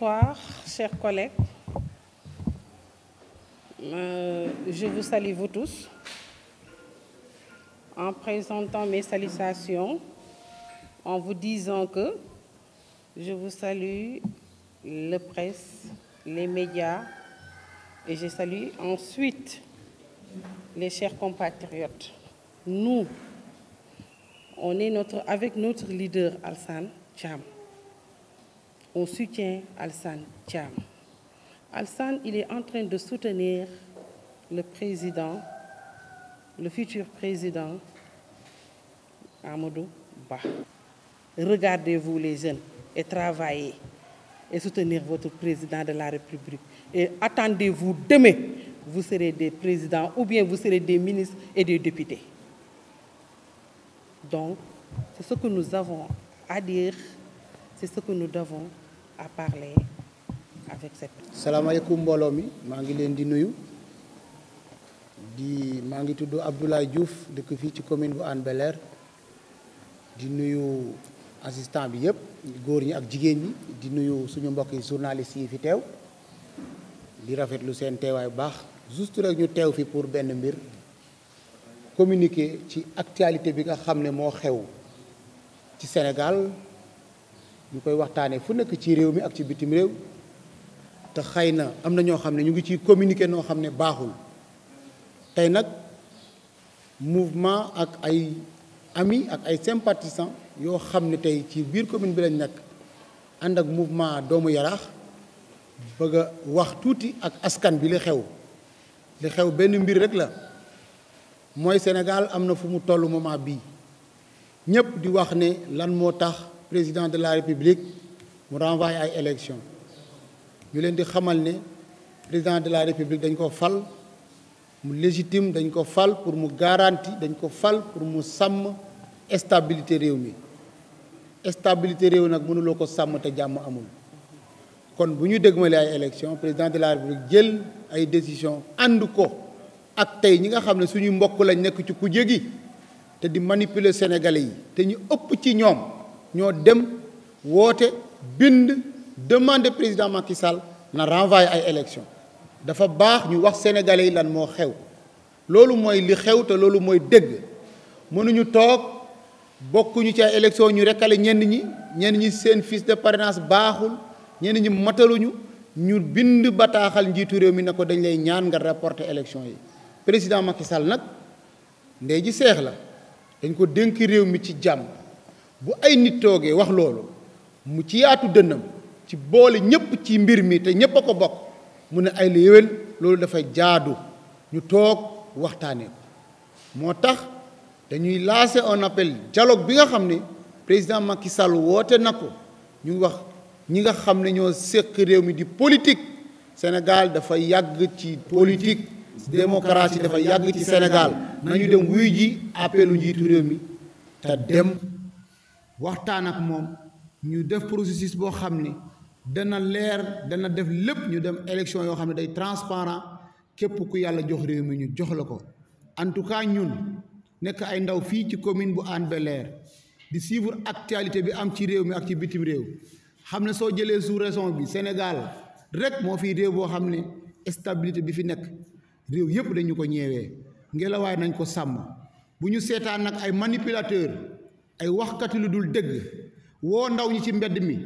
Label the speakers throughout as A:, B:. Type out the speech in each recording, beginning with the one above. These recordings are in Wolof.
A: Bonsoir, chers collègues. Euh, je vous salue vous tous en présentant mes salutations, en vous disant que je vous salue le presse, les médias et je salue ensuite les chers compatriotes. Nous, on est notre, avec notre leader Alsan Tcham on soutient Alsan Tcham. Alsan, il est en train de soutenir le président, le futur président Amadou Ba. Regardez-vous les jeunes et travaillez et soutenir votre président de la République. Et attendez-vous demain, vous serez des présidents ou bien vous serez des ministres et des députés. Donc, c'est ce que nous avons à dire, c'est ce que nous devons à parler avec cette personne.
B: mbooloo mi maa di nuyu di maa yuf, de koufi Diouf dëkk fii ci commune bu assistant bi yëpp góor ñi ak jigéen ñi di nuyu suñu mbokki journalistes yi fi bu baax juste rek ñu teew fi pour communiquer ci actualité bi nga xam Sénégal ñu koy waxtaanee fu nekk ci réew mi ak ci bitim réew te xëy na am na ñoo xam ne ñu ngi ci communiquer noo xam ne baaxul tey nag mouvement ak ay ami ak ay sympathisants yoo xam ne tey ci biir commune bi lañ nekk ànd ak mouvement doomu yaraax bëgg a wax tuuti ak askan bi li xew li xew benn mbir rek la mooy Sénégal am na fu mu tollu moment bii ñépp di wax ne lan moo tax. président de la république mu renvoie ay élection ñu leen di xamal ne président de la république dañ ko fal mu légitime dañ ko fal pour mu garantie dañ ko fal pour mu sàmm stabilité réew mi stabilité réew nag mënuloo ko sàmm te jàmm amul kon bu ñu dégmale ay élection président de la république jël ay décision ànd ko ak tey ñi nga xam ne suñu mbokk lañ nekk ci kujje gi te di manipuler sénégalais yi te ñu ëpp ci ñoom ñoo dem woote bind demande président makisal na renvoyer ay élection dafa baax ñu wax sénégalais yi lan moo xew loolu mooy li xew te loolu mooy dëgg mënuñu toog bokkuñu ci ay élection ñu rekkale ñenn ñi ñenn ñi seen fiche de parrainage baaxul ñenn ñi mataluñu ñu bind bataaxal njiitu réew mi ne ko dañ lay ñaan nga reporter élection yi président Macky Sall nag ndey ji seex la dañ ko dénk réew mi ci jàmm bu ay nit toogee wax loolu mu ci yaatu dënnam ci boole ñëpp ci mbir mi te ñëpp a ko bokk mu ne ay la yéwén loolu dafay jaadu ñu toog waxtaanee ko moo tax dañuy lancer on appel jaloog bi nga xam ne président Macky Sall woote na ko ñu wax ñi nga xam ne ñoo séq réew mi di politique Sénégal dafa yàgg ci politique démocratie dafa yàgg ci Sénégal nañu dem wuy ji appelu njiitu réew mi te dem waxtaan ak moom ñu def processus boo xam ni dana leer dana def lépp ñu dem élection yoo xam ne day transparent képp ku yàlla jox réew mi ñu jox la ko en tout cas ñun nekk ay ndaw fii ci commune bu Hann Bel-Air di suivre actualité bi am ci réew mi ak ci bitim réew xam ne soo jëlee sous-région bi Sénégal rek moo fii réew boo xam ne stabilité bi fi nekk réew yëpp dañu ko ñeewee ngelawaay nañ ko sàmm bu ñu seetaan nag ay manipulateur ay waxkati lu dul dégg woo ndaw ñi ci mbedd mi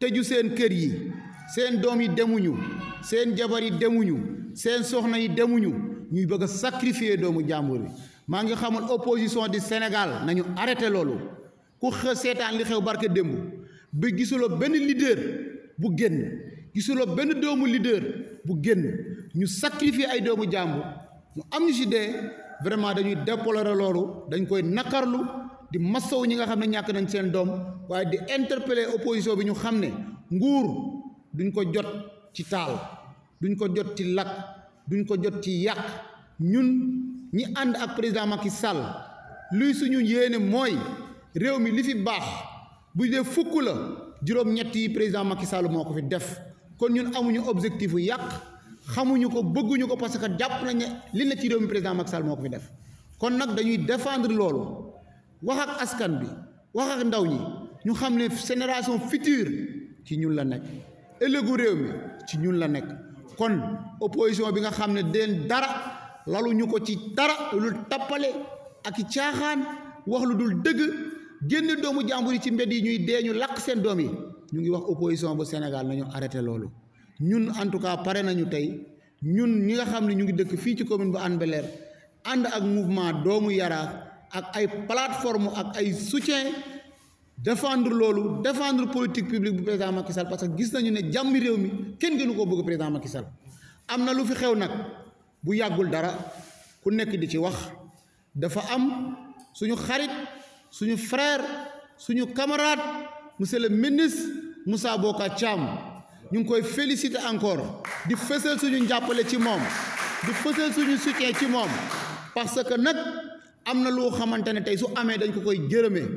B: tëju seen kër yi seen doom yi demuñu seen jabar yi demuñu seen soxna yi demuñu ñuy bëgg a doomu jàmbur bi maa ngi xamal opposition di Sénégal nañu arrêté loolu ku xë seetaan li xew barke démb bi gisuloo benn leader bu génn gisuloo benn doomu leader bu génn ñu sacrifier ay doomu jàmbur mu am ñu si dee vraiment dañuy déplorer loolu dañ koy nakarlu di massaw ñi nga xamne ñak nañ seen dom di interpeller opposition bi ñu xamne nguur duñ ko jot ci taal duñ ko jot ci lak duñ ko jot ci yak ñun ñi and ak président Macky Sall luy suñu yene moy rew mi li fi bax bu dee fukku la juroom ñet yi président Macky Sall moko fi def kon ñun amuñu objectif yu xamuñu ko bëgguñu ko parce que japp nañ li na ci rew mi président Macky Sall moko fi def kon nak dañuy défendre lolu wax ak askan bi wax ak ndaw ñi ñu xam ne génération future ci ñun la nekk ëllëgu réew mi ci ñun la nekk kon opposition bi nga xam ne deen dara lalu ñu ko ci dara lu tappale ak caaxaan wax lu dul dëgg génn doomu jàmbur yi ci mbedd yi ñuy dee ñu lakk seen doom yi ñu ngi wax opposition bu Sénégal nañu arrêté loolu ñun en tout cas pare nañu tey ñun ñi nga xam ne ñu ngi dëkk fii ci commune bu Hann bel ànd ak mouvement doomu Yaraax ak ay plateforme ak ay soutien défendre l'eau, défendre politique publique du président Macky Sall parce que gis nañu ne jàmmi réew mi kenn gënu koo bëgg président Macky Sall am na lu fi xew nag bu yàggul dara ku nekk di ci wax dafa am suñu xarit suñu frère suñu camarade monsieur le ministre Moussa Bocar Thiam ñu koy féliciter encore di fësal suñu njàppale ci moom di fësal suñu soutien ci moom parce que nag am na loo xamante ne tey su amee dañ ko koy jërëmee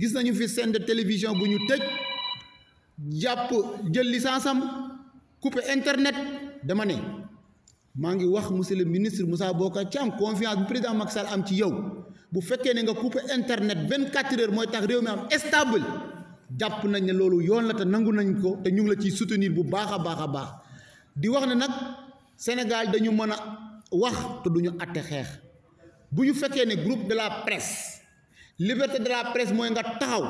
B: gis nañu fi chaîne de télévision bu ñu tëj jàpp jël licence am coupé internet dama ne maa ngi wax monsieur le ministre Moussa Bocar Thiam confiance bu président Macky Sall am ci yow bu fekkee ne nga coupé internet 24 heures mooy tax réew mi am stable jàpp nañ ne loolu yoon la te nangu nañ ko te ñu ngi la ci soutenir bu baax a baax a baax di wax ne nag Sénégal dañu mën a wax te duñu àtte xeex. bu ñu fekkee ne groupe de la presse liberté de la presse mooy nga taxaw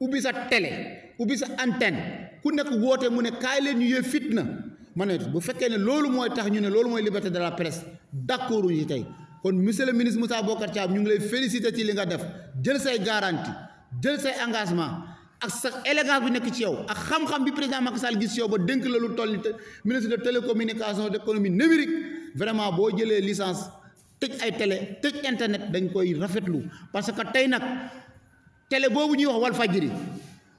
B: ubbi sa télé ubbi sa antenne ku nekk woote mu ne kaay leen ñu yee fitna ma ne bu fekkee ne loolu mooy tax ñu ne loolu mooy liberté de la presse d'accord ñu tey kon monsieur le ministre Moussa Bocar Thiam ñu ngi lay féliciter ci li nga def jël say garantie jël say engagement ak sa élégance bu nekk ci yow ak xam-xam bi président Macky Sall gis ci yow ba dénk la lu toll ministre de télécommunication d'économie numérique vraiment boo jëlee licence. tej ay télé tej internet dañ koy rafetlu parce que tay nak télé bobu ñuy wax fajiri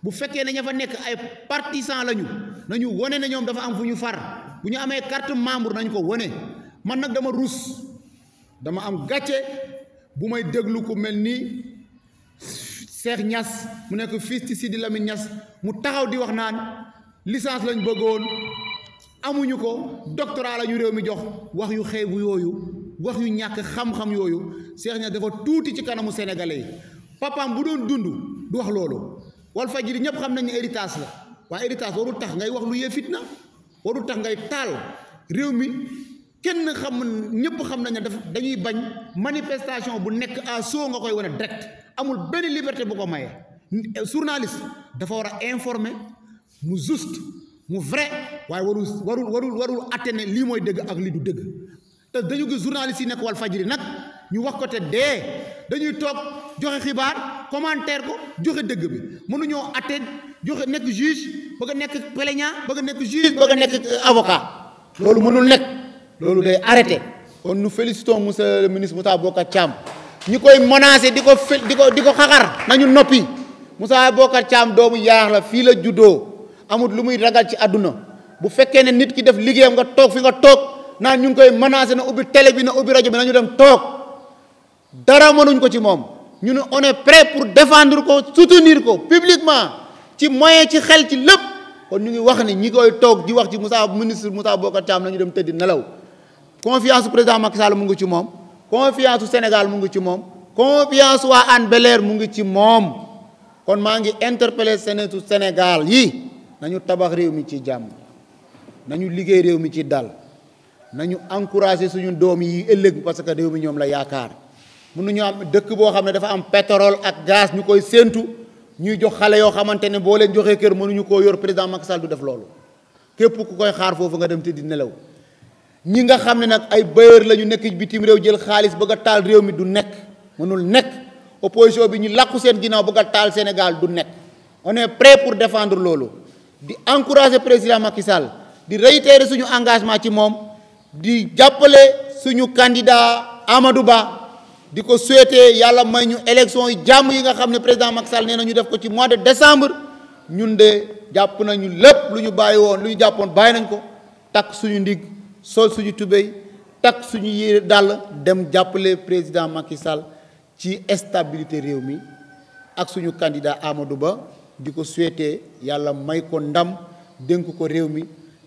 B: bu fekkee ne ñafa nek ay partisans lañu nañu wone ne ñom dafa am fuñu far bu ñu amee carte membre nañ ko wone man nak dama Rus, dama am gatché bu may déglu ku melni Cheikh Niass mu nek fils ci Sidi Lamine Niass mu taxaw di wax naan licence lañ bëggoon amuñu ko doctorat lañu rew mi jox wax yu xeebu yoyu wax yu ñàkk xam-xam yooyu Cheikh Niass dafa tuuti ci kanamu sénégalais yi papaam bu doon dund du wax loolu Walfadjri ñëpp xam nañ ne la waaye héritage warul tax ngay wax lu yee fitna warul tax ngay taal réew mi kenn xam ñëpp xam nañ ne daf dañuy bañ manifestation bu nekk à soo nga koy wane direct amul benn liberté bu ko maye journaliste dafa war a informer mu juste mu vrai waaye warul warul warul warul attené lii mooy dëgg ak lii du dëgg te dañu gis journaliste yi nekk wal fajri nag ñu wax ko te dee dañuy toog joxe xibaar commentaire ko joxe dëgg bi mënuñoo atte joxe nekk juge bëgg a nekk plaignant bëgg a nekk juge bëgg a nekk loolu mënul nekk loolu day arrêté kon nous félicitons musa le ministre Moussa Bocar Thiam ñi koy menacé di ko fe di ko di ko xaxar nañu noppi Moussa Bocar Thiam doomu yaax la fii la juddoo amul lu muy ragal ci àdduna bu fekkee ne nit ki def liggéeyam nga toog fi nga toog naan ñu ngi koy menacé na ubbi télé bi na ubbi rajo bi na ñu dem toog dara mënuñ ko ci moom ñu ne on est pour défendre ko soutenir ko publiquement ci moyen ci xel ci lépp kon ñu ngi wax ni ñi koy toog di wax ci Moussa ministre Moussa Bocar Thiam la ñu dem tëddi nelaw confiance président Macky Sall mu ngi ci moom confiance Sénégal mu ngi ci moom confiance waa Hann Bel-Air mu ngi ci moom kon maa ngi interpellé Sénégal yi nañu tabax réew mi ci jàmm nañu liggéey réew mi ci dal nañu encouragé suñu doom yi ëllëg parce que réew mi ñoom la yaakaar mënuñu am dëkk boo xam ne dafa am pétrole ak gaz ñu koy séentu ñuy jox xale yoo xamante ne boo leen joxee kër mënuñu koo yor président Macky Sall du def loolu képp ku koy xaar foofu nga dem te di nelaw ñi nga xam ne nag ay bailleur la ñu nekk bitim réew jël xaalis bëgg a taal réew mi du nekk mënul nekk opposition bi ñu làqu seen ginnaaw bëgg a taal Sénégal du nekk on est prêt pour défendre loolu di encourager président Macky Sall ci moom di jàppale suñu candidat Amadou Ba di ko souhaité yàlla may ñu élection yi jàmm yi nga xam ne président Macky Sall nee na ñu def ko ci mois de décembre ñun de jàpp nañu lépp lu ñu bàyyi woon lu ñu jàppoon bàyyi nañ ko takk suñu ndig sol suñu tubéy takk suñu yére dàll dem jàppale président Macky Sall ci stabilité réew mi ak suñu candidat Amadou Ba di ko souhaité yàlla may ko ndam dénk ko réew mi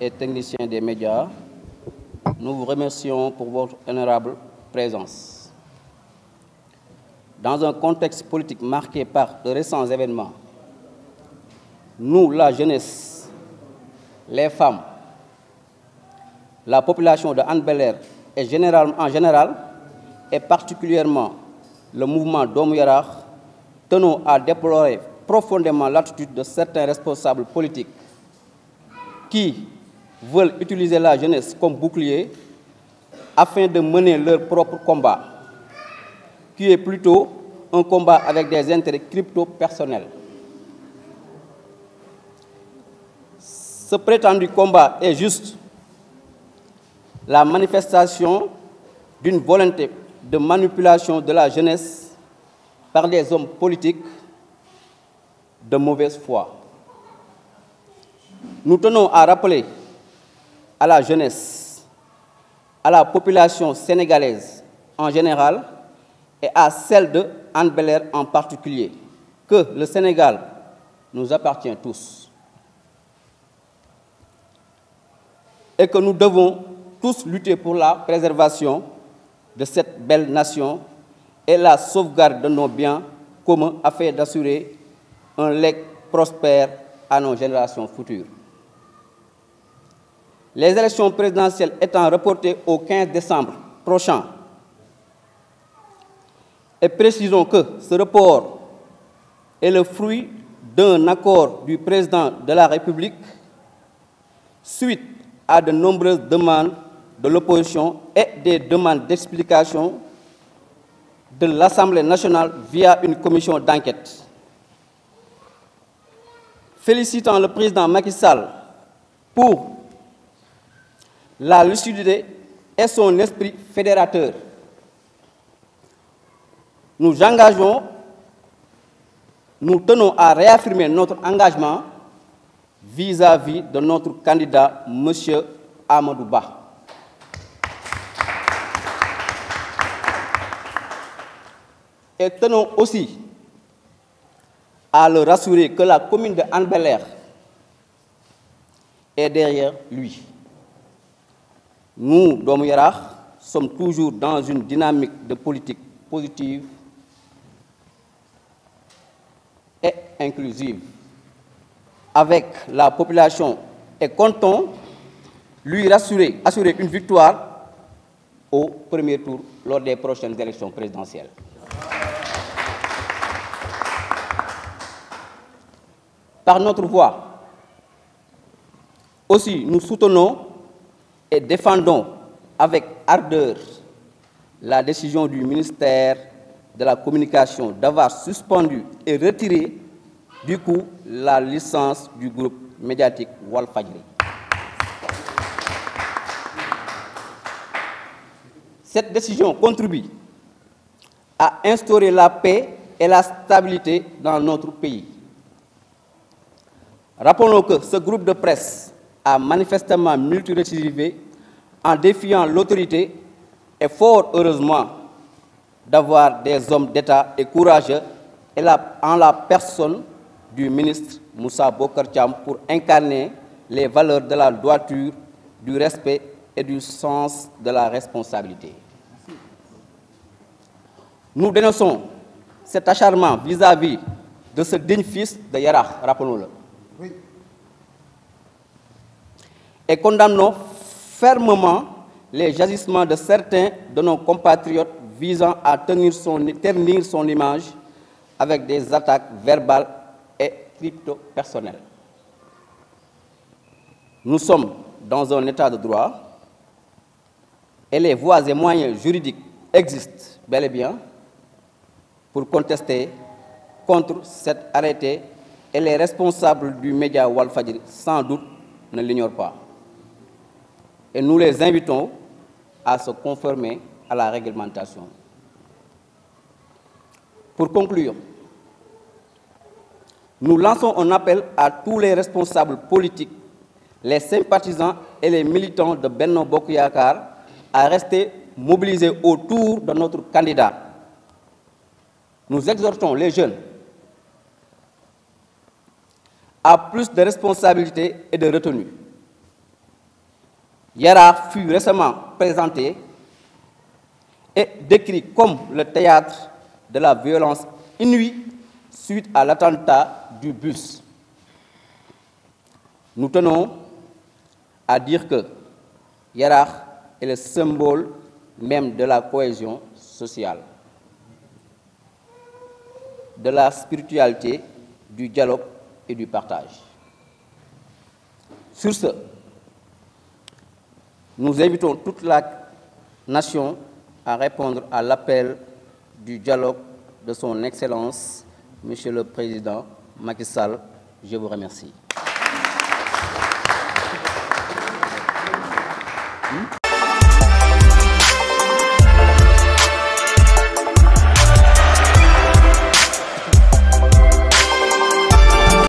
C: et techniciens des médias, nous vous remercions pour votre honorable présence. Dans un contexte politique marqué par de récents événements, nous, la jeunesse, les femmes, la population de Anne Belair et en général, et particulièrement le mouvement Domouyarach, tenons à déplorer profondément l'attitude de certains responsables politiques qui, veulent utiliser la jeunesse comme bouclier afin de mener leur propre combat, qui est plutôt un combat avec des intérêts crypto-personnels. Ce prétendu combat est juste la manifestation d'une volonté de manipulation de la jeunesse par des hommes politiques de mauvaise foi. Nous tenons à rappeler à la jeunesse, à la population sénégalaise en général et à celle de Anne Belair en particulier, que le Sénégal nous appartient tous et que nous devons tous lutter pour la préservation de cette belle nation et la sauvegarde de nos biens communs afin d'assurer un lait prospère à nos générations futures les élections présidentielles étant reportées au 15 décembre prochain. Et précisons que ce report est le fruit d'un accord du président de la République suite à de nombreuses demandes de l'opposition et des demandes d'explication de l'Assemblée nationale via une commission d'enquête. Félicitant le président Macky Sall pour la lucidité et son esprit fédérateur. Nous engageons, nous tenons à réaffirmer notre engagement vis-à-vis de notre candidat, M. Amadouba. Et tenons aussi à le rassurer que la commune de anne est derrière lui. Nous, Dom sommes toujours dans une dynamique de politique positive et inclusive avec la population et comptons lui rassurer, assurer une victoire au premier tour lors des prochaines élections présidentielles. Par notre voix, aussi nous soutenons et défendons avec ardeur la décision du ministère de la Communication d'avoir suspendu et retiré du coup la licence du groupe médiatique Walfagri. Cette décision contribue à instaurer la paix et la stabilité dans notre pays. Rappelons que ce groupe de presse a manifestement multirécidivé en défiant l'autorité et fort heureusement d'avoir des hommes d'État et courageux et en la personne du ministre Moussa Bokarcham pour incarner les valeurs de la droiture, du respect et du sens de la responsabilité. Nous dénonçons cet acharnement vis-à-vis de ce digne fils de Yarah, rappelons-le et condamnons fermement les agissements de certains de nos compatriotes visant à tenir son, son image avec des attaques verbales et crypto-personnelles. Nous sommes dans un état de droit et les voies et moyens juridiques existent bel et bien pour contester contre cet arrêté et les responsables du média Walfadir sans doute ne l'ignorent pas et nous les invitons à se conformer à la réglementation. Pour conclure, nous lançons un appel à tous les responsables politiques, les sympathisants et les militants de Benno Bokuyakar à rester mobilisés autour de notre candidat. Nous exhortons les jeunes à plus de responsabilités et de retenue. Yara fut récemment présenté et décrit comme le théâtre de la violence inouïe suite à l'attentat du bus. Nous tenons à dire que Yara est le symbole même de la cohésion sociale, de la spiritualité, du dialogue et du partage. Sur ce, nous invitons toute la nation à répondre à l'appel du dialogue de son Excellence, Monsieur le Président Macky Sall. Je vous remercie.